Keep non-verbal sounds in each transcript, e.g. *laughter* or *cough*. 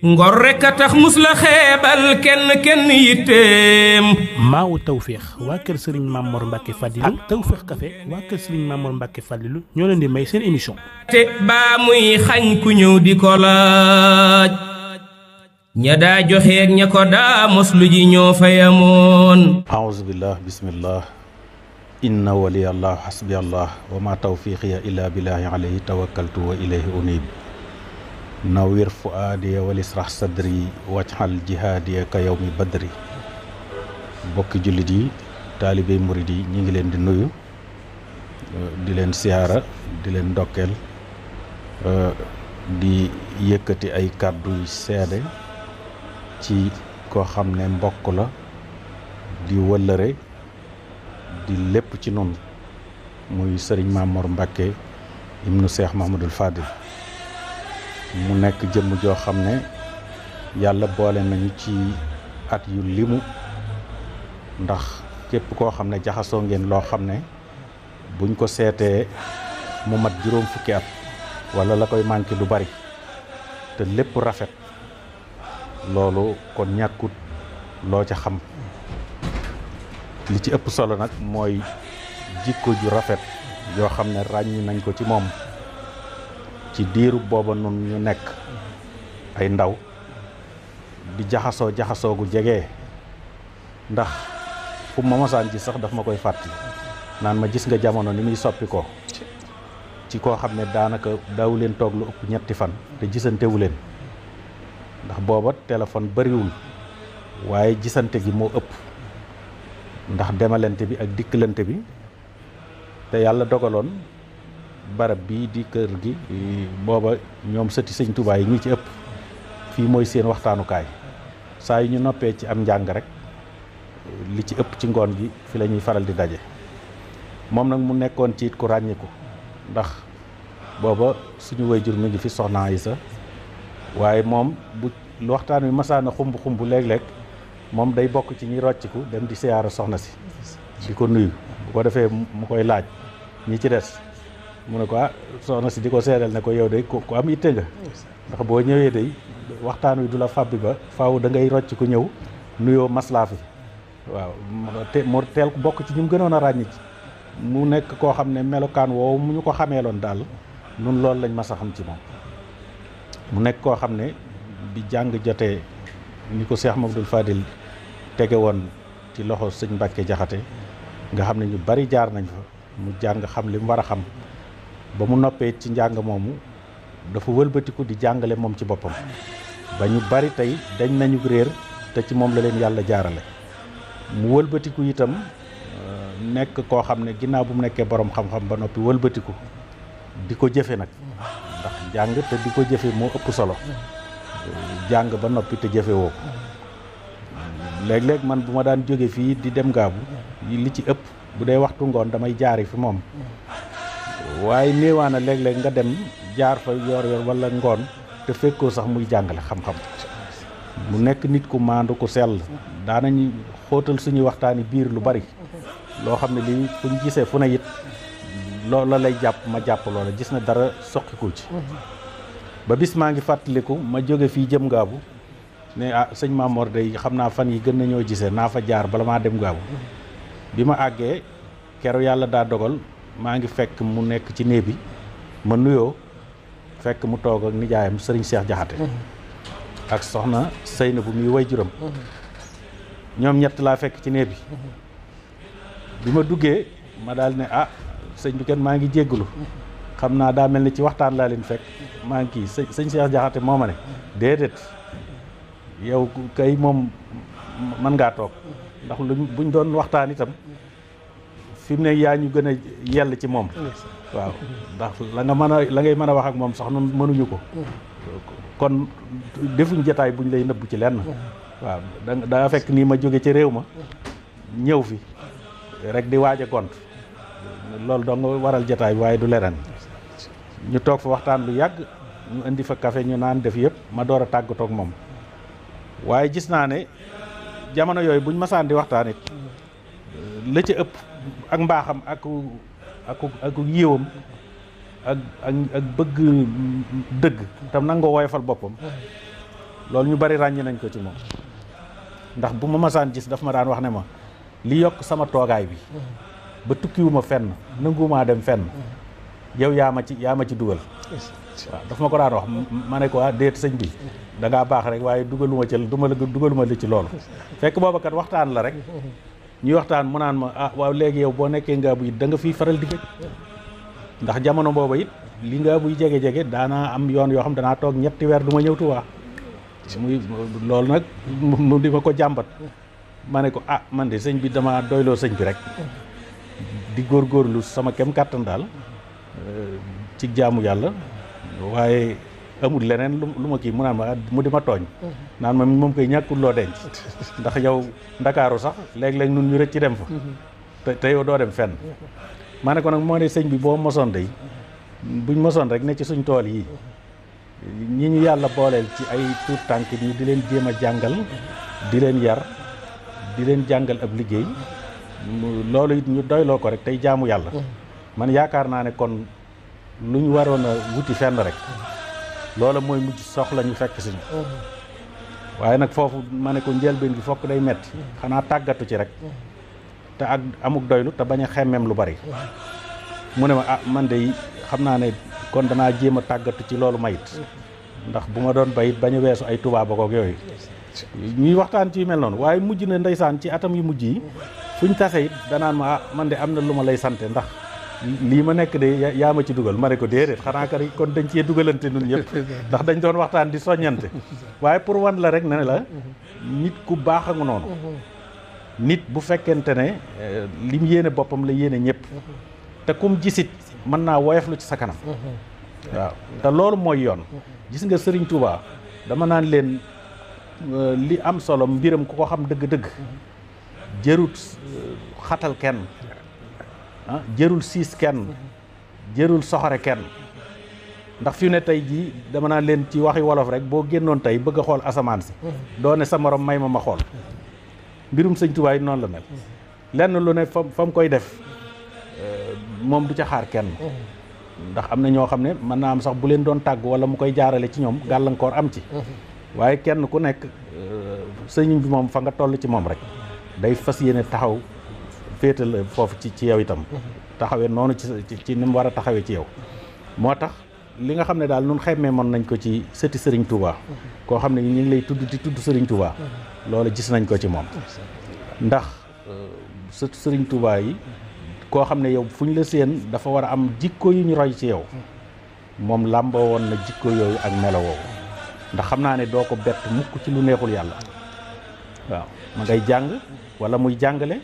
ngor rek a tax mus xeebal kenn kenn yitteem. maawu tawféex waa kër Serigne Mamor Mbacke Fadilu ak ah. tawféex café waa kër Serigne Mamor Mbacke Fadilu ñoo leen di may seen émission. te baa muy xañ ku ñëw di ko laaj ña daa joxe ak ña ko daa mos lu ji ñoo fayamoon. aawuzu billah bismillah inna waliya allah hasbi allah wa ma tawfiiqiya illa billahi alayhi tawakkaltu wa ilayhi unib nawwir fuaadiya walisrah sadri wajxal jihaadiya ka yawmi badri bokki jullit yi taalibey murid yi ñu ngi leen di nuyu di leen siyaara di leen ndokkeel di yëkkati ay kàddu yu seede ci koo xam ne mbokk la di wëllëre di lépp ci noonu muy sëriñ Mamour Mbacke ibnu Cheikh Mahmadul Fadil mu nekk jëmm joo xam ne yàlla boole nañu ci at yu limu ndax képp koo xam ne jaxasoo ngeen loo xam ne buñ ko seetee mu mat juróom fukki at wala la koy manqué lu bari te lépp rafet loolu kon ñàkkut loo ca xam li ci ëpp solo nag mooy jikko ju rafet yoo xam ne ràññ nañ ko ci moom ci diiru booba nun ñu nekk ay ndaw di jaxasoo jaxasoo gu jege ndax fu mama mosaan ci sax daf ma koy fàttali naan ma gis nga jamono ni muy soppi ko ci koo xam ne daanaka daaw leen toog lu ëpp ñetti fan te wu leen ndax booba téléphone bariwul waaye gisante gi moo ëpp ndax demalante bi ak dikkalante bi te yàlla dogaloon barab bii di kër gi booba ñoom sëti sëñ Touba yi ñu ci ëpp fii mooy seen waxtaanukaay saa yi ñu noppee ci am njàng rek li ci ëpp ci ngoon gi fi lañuy faral di daje moom nag mu nekkoon ci it ku ràññiku ndax booba suñu jur mi ngi fi soxnaa yi sa waaye moom bu waxtaan wi masaana xumb xumb léeg-léeg moom day bokk ci ñi rocciku dem di siyaara soxna si di ko nuyu bu ko defee mu koy laaj ñi ci des mu ne ko ah soxna si di ko seeral ne ko yow day ku am itte nga ndax boo ñëwee day waxtaan wi du la fàbbi ba faaw da ngay rocc ñëw nuyoo maslaa waaw mu teel bokk ci ñu gënoon a ràññi mu nekk koo xam ne melokaan woowu mu ñu ko xameeloon daal nun loolu lañ mas a ci moom mu nekk koo xam ne bi jàng jotee ni ko Cheikh Mabdoul Fadil tege woon ci loxo sëñ mbakke Jaxate nga xam ne ñu bari jaar nañ fa mu jàng xam li mu war a xam ba mu noppee ci njàng moomu dafa wëlbatiku di jàngale moom ci boppam ba ñu bari tey dañ nañu réer te ci moom la leen yàlla jaarale mu wëlbatiku itam euh, nekk koo xam ne ginnaaw bu mu nekkee boroom xam-xam ba noppi wëlbatiku di ko jëfe nag ndax jàng te di ko jëfe moo ëpp solo jàng ba noppi te jëfe woo ko léeg-léeg man bu ma daan jóge fii di dem gaabu li ci ëpp bu dee waxtu ngoon damay jaari fi moom waaye néewaana léeg-léeg nga dem jaar fa yoor yoor wala ngoon te fekkoo sax muy jàngale xam-xam mu nekk nit ku maandu ku sell daanañu xootal suñuy waxtaani biir lu bari loo xam ne lii fuñ gisee fu ne it loola lay jàpp ma jàpp loola gis na dara soqiku ci ba bis maa ngi fàttaliku ma jóge fii jëm ngaabu ne ah sëñ Mamor day xam naa fan yi gën nañoo jise naa fa jaar bala maa dem ngaabu bi ma àggee keroog yàlla daa dogal maa ngi fekk mu nekk ci néeg bi ma nuyoo fekk mu toog ak nijaayam sëriñ Cheikh Jaxate mm-hmm. ak soxna na bu muy way juram mm-hmm. ñoom ñett laa fekk ci néeg bi mm-hmm. bi ma duggee ma daal ne ah sëñ bi kenn maa ngi jéggulu xam naa daa mel ni ci waxtaan laa leen fekk maa ngi kii sëñ sëñ Cheikh Jaxate moo ma ne déedéet yow kay moom mën ngaa toog ndax luñ buñ doon waxtaan itam fi ne yaa ñu gën a yell ci moom waaw ndax la nga mën a mën a wax ak moom sax nun mënuñu ko kon defuñ jataay buñ lay nëbb ci lenn waaw daa fekk nii ma jóge ci réew ma ñëw fi rek di waaj a gont loolu dong waral jataay waaye du leneen ñu toog fa waxtaan lu yàgg ñu indi fa café ñu naan def yëpp ma door a tàggatoo ak moom waaye gis naa ne jamono yooyu buñ masaan di waxtaan it ëpp ak mbaxam ak ak ak yiwam ak ak bëgg dëgg tam nango woyofal bopam lool ñu bari rañ nañ ko ci mom ndax bu ma masaan gis daf ma daan wax ne ma li yok sama togaay bi ba tukkiwuma fenn nanguma dem fenn yow ya ma ci ya ma ci duggal daf ma ko daan wax mané ko ah señ bi da nga bax rek waye duggaluma ci duma la duggaluma li ci lool fekk waxtaan la rek ñuy waxtaan mu naan ma ah waaw léegi yow boo nekkee ngaabu it da nga fiy faral di gëj ndax jamono booba it li ngaabu buy jege-jege daanaa am yoon yoo xam danaa toog ñetti weer du ma ñëw Tuubaa muy lool nag mu di ma ko jàmbat ma ne ko ah man de sëñ bi dama doyloo sëñ bi rek di góor góorlu sama kem kàttan daal eh, ci jaamu yàlla waaye amul leneen lu ma kii mu naan ma ah, mu di ma tooñ nan ma mom koy ñàkkul Daka denc ndax yow dakaru sax leg leg nun ñu recc dem fa te te yow do dem fenn mané ko nak mo ne señ bi bo mason day buñ mason rek ne ci suñ tool yi ñi ñu yalla bolel ci ay tank ni di leen jema a di leen yar di leen jangal ab liggey lolu it ñu doylo ko rek tay jaamu yalla man yaakar na ne kon lu warona wuti fenn rek moy mu ci soxla ñu fekk suñu waaye nag foofu ma ne ko njëlbeen gi fokk day metti xanaa tàggatu ci rek te ak amuk doylu te bañ a xemmeem lu bari mu ne ma a ah, man de xam naa ne kon danaa jéem a tàggatu ci loolu mayit ndax bu ma doon bayit bañ a weesu ay tubaab ak yooyu ñuy waxtaan ci yu mel noonu waaye mujj na ndeysaan ci atam yu mujj yi fuñ tase it danaan ma ah man de am na lu ma lay sante ndax lii ma nekk de yaa ma ci dugal ma ne ko déedéet xanaa kay kon dañ cee dugalante nun ñëpp *laughs* ndax dañ doon waxtaan di soññante *laughs* waaye pour wan la rek ne la mm-hmm. nit ku baax nga noonu mm-hmm. nit bu fekkente ne eh, lim mu yéene boppam la yéene ñëpp mm-hmm. te kum gisit mën naa woyof lu ci sa kanam waaw te loolu mooy yoon gis nga Sëriñ Tuubaa dama naan leen euh, li am solo mbiram ku ko xam dëgg-dëgg jërut euh, xatal kenn ah jërul siis kenn jërul soxore kenn ndax fi ne tey jii dama naa leen ci waxi wolof rek boo génnoon tey bëgg a xool asamaan si doone sa morom may ma ma xool mbirum sëñ Tuubaa la mel lenn lu ne fa mu koy def euh, moom du ca xaar kenn ndax am na ñoo xam ne mën naa am sax bu leen doon tàgg wala mu koy jaarale ci ñoom gàllankoor am ci waaye kenn ku nekk euh, sëñ bi moom fa nga toll ci moom rek day fas yéene taxaw féete la foofu ci ci yow itam taxawee noonu ci ci ni mu war a taxawee ci yow moo tax li nga xam ne daal nun xaymee mën nañ ko ci sëti sëriñ Touba koo xam ne ñu lay tudd di tudd sëriñ Touba loolu gis nañ ko ci moom ndax euh, sëti sëriñ koo xam ne yow fu ñu la séen dafa war a am jikko yu ñu roy ci yow moom làmboo woon na jikko yooyu ak melo woowu ndax xam naa ne doo ko bett mukk ci lu neexul yàlla waaw ma ngay jàng wala muy jàngale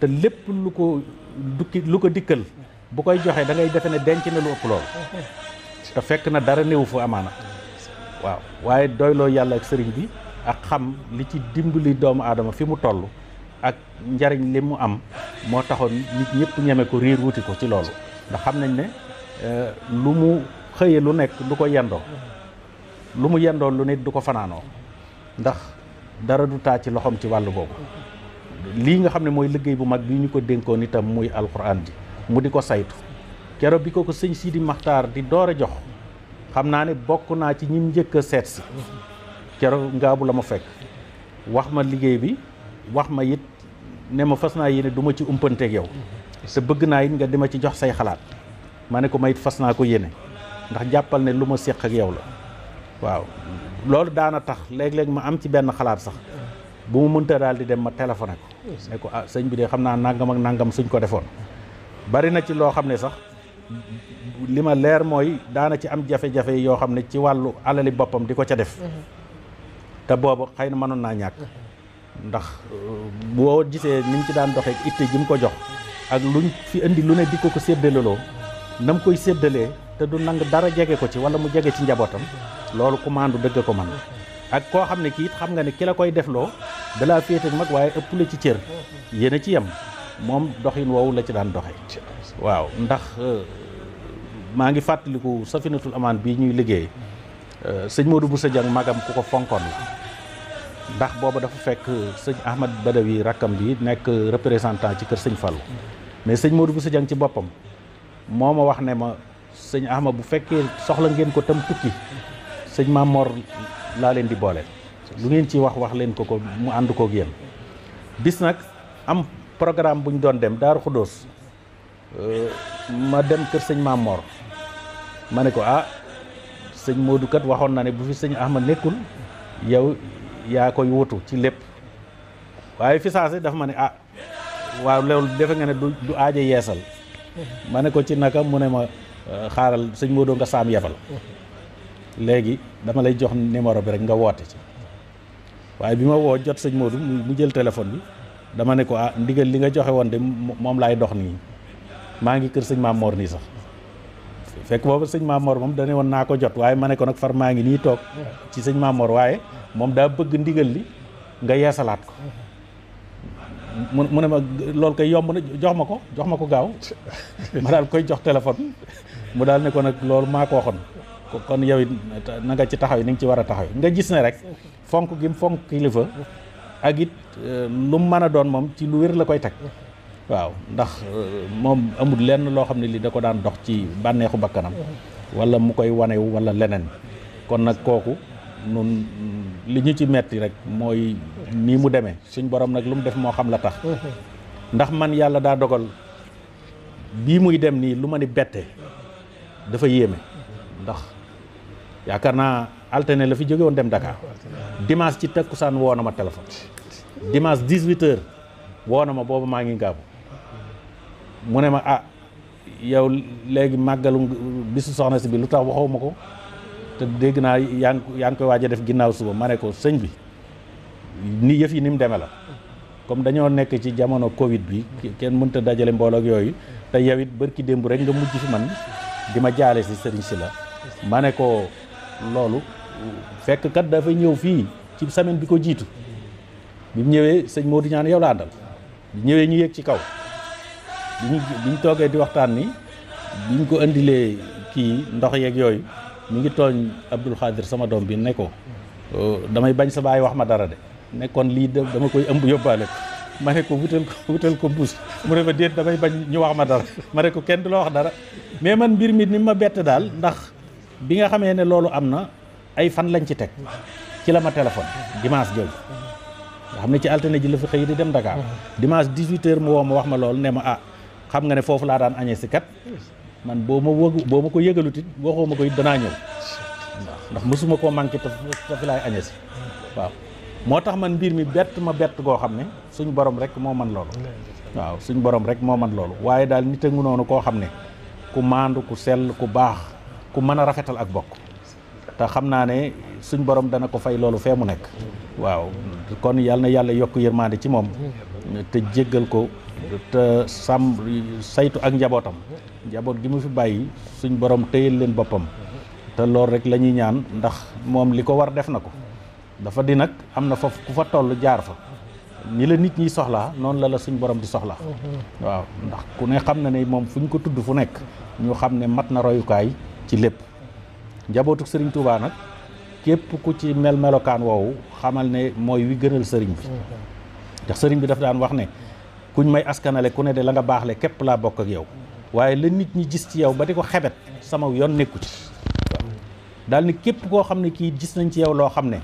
te lépp lu ko dukki lu ko dikkal bu koy joxee da ngay defe ne denc na lu ëpp lool te fekk na dara néew fu amaana waaw waaye doyloo yàlla ak sëriñ bi ak xam li ci dimbali doomu aadama fi mu toll ak njariñ li mu am moo taxoon nit ñëpp ñeme ko riir wuti ko ci loolu ndax xam nañ ne euh, lu mu xëye lu nekk du ko yendoo lu mu yendoo lu nit du ko fanaanoo ndax dara du taa ci loxoom ci wàll boobu Linga nga xamne ne liggey bu mag bi ñu ko denko nitam moy alquran ji mu di saytu kéro bi ko ko sëñ Sidi makhtar di door jox xamna ne bokku na ci ñim jëk a seet si kero ngaabu la fekk wax ma liggey bi wax ma yit ne ma fasna naa yéene du ma ci yow sa bëgg na yi nga di ci jox say xalaat mané ko mayit fasna ko yene ndax jappal ne luma sekk ak yow la waaw loolu daana tax leg leg ma am ci ben xalaat sax bu mu mënta daal di dem ma téléphoné ko. ne ko ah sëñ bi de xam naa nangam ak nangam suñ ko defoon. bari na ci loo xam ne sax li ma leer mooy daana ci am jafe-jafe yoo xam ne ci wàllu alali boppam di ko ca def. Mhm. te boobu xëy na mënoon naa ñàkk. Mhm. ndax boo gisee ni mu ci daan doxee itte ji mu ko jox. ak luñ fi indi lu ne dikk ko ko séddaleloo na koy séddalee te du nang dara jege ko ci wala mu jege ci njabootam loolu commande dëgg ko man ak koo xam ne kii xam nga ne ki la koy defloo dalaa féete mag waaye ëpp la ci cër yéen a ci yem moom doxin woowu la ci daan doxe waaw ndax euh, maa ngi fàttaliku safinatul amaan bii ñuy liggéey euh, sëñ Modou Boussa Dieng magam ku ko fonkoon la ndax booba dafa fekk euh, sëñ Ahmad Badawi rakkam bi nekk représentant ci kër sëñ Fallou mais sëñ Modou sa Dieng ci boppam moo ma wax ne ma sëñ Ahmad bu fekkee soxla ngeen ko tam tukki sëñ Mamor laa leen di boole lu ngeen ci wax wax leen ko ko mu ànd koo yéen bis nag am programme bu ñu doon dem Daaru Xudóos euh, ma dem kër sëñ Mamor ma ne ko ah sëñ Modou kat waxoon na ne bu fi sëñ Ahmad nekkul yow yaa koy wutu ci lépp waaye fi saase dafa ma ne ah waaw loolu defe nga ne du du aaje yeesal ma ne ko ci naka mu ne ma euh, xaaral sëñ Modou nga saam yebal léegi dama lay jox numéro bi rek nga woote ci waaye bi ma woo jot sëñ Modou mu jël téléphone bi dama ne ko ah ndigal li nga joxe woon de moom laay dox nii maa ngi kër sëñ Maam Mor nii sax fekk boobu sëñ Maam moom dane woon naa ko jot waaye ma ne ko nag far maa ngi nii toog ci sëñ Maam waaye moom daa bëgg ndigal li nga yeesalaat ko mu ne ma loolu koy yomb na jox ma ko jox ma ko gaaw *laughs* ma daal koy jox téléphone mu daal ne ko nag loolu maa ko waxoon kon yow it na ci taxaw ni nga ci war a taxaw nga gis ne rek fonk gi mu fonk kilifa ak it euh, lu mu mën a doon moom ci lu wér la koy teg waaw ndax euh, moom amul lenn loo xam ne li da ko daan dox ci bànneexu bakkanam wala mu koy wanewu wala leneen kon nag kooku nun li ñu ci metti rek mooy nii mu demee suñ borom nag lu mu def moo xam la tax ndax man yàlla daa dogal bii muy dem nii lu ma ni bette dafa yéeme ndax yaakaar naa alterné la fi jóge woon dem dakaa dimanche ci takkusaan woo na ma téléphone dimanche 18h woo na ma boobu maa ngi gaabu mu ne ma ah yow léegi màggalu bisu soxna si bi lu tax waxoo ma ko te dégg naa yaa ngi yaa ngi koy waaj a def ginnaaw suba ma ne ko sëñ bi ni yëf yi ni mu demee la comme dañoo nekk ci jamono kowit bi kenn mënta dajale mbooloo yooyu te yow it bërki démb rek nga mujj fi man di ma jaale si sëriñ si la ma ne ko lolu fekk kat dafa ñew fi ci semaine bi ko jiitu bi mu ñëwee Modou ñaan yow la dal bi ñu yek ci kaw bi ñu bi di waxtaan ni bi ñu ko andilé ki ndox yek yoy mi ngi togn abdul Khadir sama dom bi neko oh, damay bañ sa bay wax ma dara de nekkon li dama koy ëmb yobale mané ko wutal ko wutal ko bus mu ne ma damay bañ ñu wax ma dara mané ko kenn du la wax dara mais man bir mi ni ma bett dal ndax bi nga xamé né loolu amna ay fan lañ ci tek ci la ma téléphone dimanche jooju xamné ne ci alterné ji la fi xëy di dem Dakar dimanche 18 h mu wax ma ne ma ah xam nga né fofu la daan agné ci kat man boo ma wëg boo ma ko yëgalutit waxoo ma ko it danaa ñëw ndax musuma ko manqué te fi lay agné ci waaw motax man bir mi ma bet go xamné suñu borom rek mo man loolu waaw suñu borom rek mo man loolu waaye dal nité a ko xamné ku mandu ku sel ku bax ku mën rafetal ak bokk ta xamna ne suñ borom dana ko fay lolu fe mu nek waaw kon yàlla na yàlla yokk yërmaande ci mom te jéggal ko te sam saytu ak njabotam njabot gi mu fi bayyi suñ borom teyel leen bopam te loolu rek lañuy ñaan ndax mom liko war def nako dafa di nak amna fof ku fa tollu jaar fa ni la nit ñi soxla non la la suñ borom di soxla mhm. waaw ndax ku ne xam ne mom fuñ ko tuddu fu nek ñu xam ne mat na royukaay ci lépp njabootu sëriñ Touba nag képp ku ci mel melokaan woowu xamal ne mooy wi gënal sëriñ bi ndax sëriñ bi daf daan wax ne kuñ may askanale ku ne de la nga baax baaxle képp laa bokk ak yow waaye la nit ñi gis ci yow ba di ko xebet sama yoon nekku ci daal képp koo xam ne kii gis nañ ci yow loo xam ne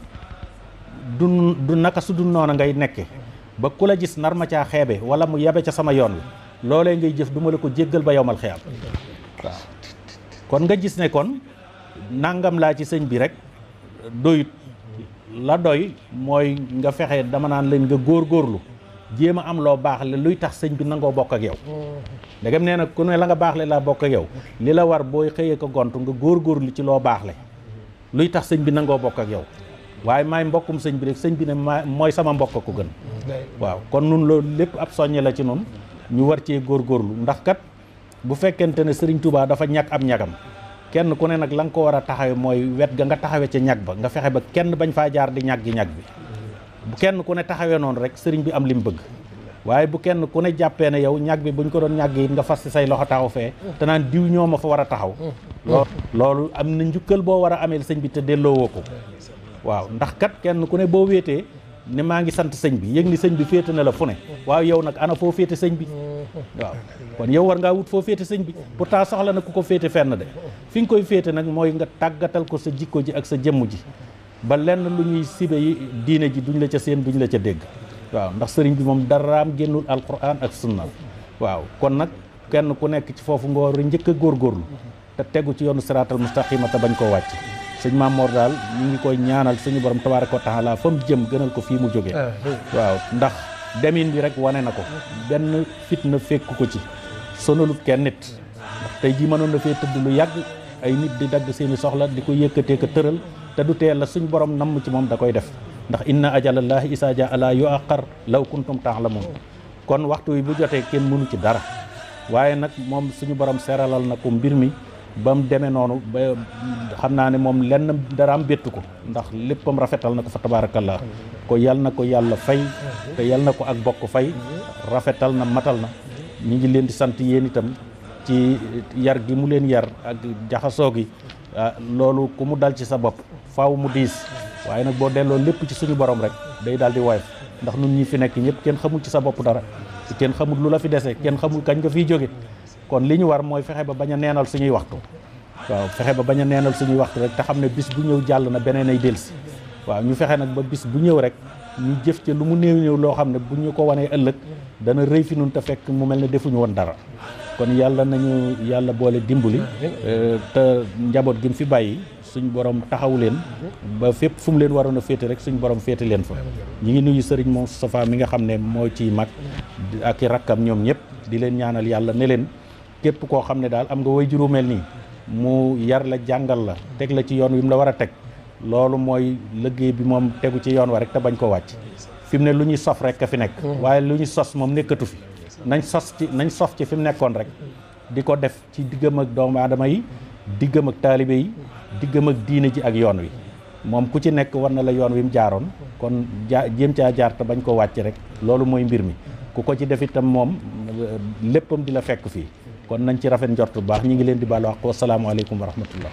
du du naka su dul ngay nekke ba ku la gis nar ma caa xeebe wala mu yabe ca sama yoon la loolee ngay jëf duma la ko jéggal ba yowmal xiyaam waaw kon nga gis ne kon nangam laa ci sëñ bi rek doyut la doy mooy nga fexe dama naan leen nga góor góorlu jéem a am loo baax le luy tax sëñ bi nangoo bokk ak yow ndegam nee na ku ne la nga baax le laa bokk yow li la war booy xëyee ko gont nga góor góorlu ci loo baax le luy tax sëñ bi nangoo bokk ak yow waaye maay mbokkum sëñ bi rek sëñ bi ne maa mooy sama mbokk ko gën waaw kon nun loolu lépp ab soññe la ci nun ñu war cee góorgóorlu ndax kat bu fekkente ne Serigne Touba dafa ñàkk ab ñagam kenn ku ne nag la nga ko war a taxawe mooy wet ga nga taxawe ca ñag ba nga fexe ba kenn bañ faa jaar di ñag gi ñag bi bu kenn ku ne taxawee noonu rek sëriñ bi am li mu bëgg waaye bu kenn ku ne jàppee ne yow ñag bi buñ ko doon ñàgg it nga fas ci say loxo taxaw fee te naan diw ñoo ma fa war a taxaw loolu am na njukkal boo war a ameel sëñ bi te delloo woo ko waaw ndax kat kenn ku ne boo wéetee ne maa ngi sant sëñ bi yëg ni sëñ bi féete na la fu ne waaw yow nag ana foo féete sëñ bi waaw kon yow war ngaa wut foo féete sëñ bi pourtant soxla nag ku ko féete fenn de fi nga koy féete nag mooy nga tàggatal ko sa jikko ji ak sa jëmm ji ba lenn lu ñuy sibe yi diine ji duñ la ca seen duñ la ca dégg waaw ndax sëriñ bi moom daraam génnul alquran ak sunna waaw kon nag kenn ku nekk ci foofu nga war a njëkk góor góorgóorlu te tegu ci yoonu siraatal mustaqima te bañ koo wàcc sëñ maam Mor daal ñu ngi koy ñaanal suñu borom tabaaraka wa taala fa mu jëm gënal ko fi mu jóge ah, waaw ndax demin bi rek wane na ko benn fitna fekk ko ci sonalut kenn nit ji tey jii mënoon na fee tëdd lu yàgg ay nit di dagg seeni soxla di ko yëkkatee ko tëral te du tee la suñ borom namm ci moom da koy def ndax inna ajalallahi isa ja ala yu aqar law kuntum taalamun kon waxtu ibu bu jotee kenn mënu ci dara waaye nag moom suñu borom seralal na ko mbir mi ba mu demee noonu ba xam naa ne moom lenn dara am bétt ko ndax léppam rafetal na ko fa tabaarakallaa ko yal na ko yàlla fay te yal na ko ak bokk fay rafetal na matal na ñu ngi leen di sant yéen itam ci yar gi mu leen yar ak jaxasoo gi ah, loolu ku mu dal ci sa bopp faw mu diis waaye nag boo delloo lépp ci suñu borom rek day daal di woyof ndax nun ñi fi nekk ñëpp kenn xamul ci sa bopp dara kenn xamul lu la fi dese kenn xamul kañ nga fiy jóge kon liñu war moy fexé ba baña nénal suñuy waxtu waaw fexé ba baña nénal suñuy waxtu rek ta xamné ne bis bu ñew jall na beneen ay delsi waaw ñu fexé nak ba bis bu ñew rek ñu jëf ci lu mu neew ñew lo xamné ne bu ñu ko wanee ëllëg dana rëy fi ñun ta fekk mu melni defu ñu won dara kon yalla nañu yalla boole dimbuli, euh ta njabot giñ fi bayyi suñ borom taxaw leen ba fepp fum leen warona fete rek suñ borom féete leen fa ñi ngi nuyu serigne mo safa mi nga xam ne ci mag ak rakam ñom ñep di leen ñaanal yalla ne leen képp koo xam ne daal am nga way juróomeel nii mu yar la jàngal la teg la ci yoon wi mu la war a teg loolu mooy liggéey bi moom tegu ci yoon wa rek te bañ koo wàcc fi mu ne lu ñuy sof rekk a fi nekk mm-hmm. waaye lu ñuy sos moom nekkatu fi nañ sos ci nañ sof ci fi mu nekkoon rek di ko def ci diggam ak doomu aadama yi diggam ak taalibe yi diggam ak diine ji ak yoon wi moom ku ci nekk war na la yoon wi mu jaaroon kon jaa jéem caa jaar te bañ koo wàcc rek loolu mooy mbir mi ku ko ci def itam moom léppam di fekk fii kon nañ ci rafet njort bu baax ñu ngi leen di baalu àq wa salaamualeykum wa rahmatullah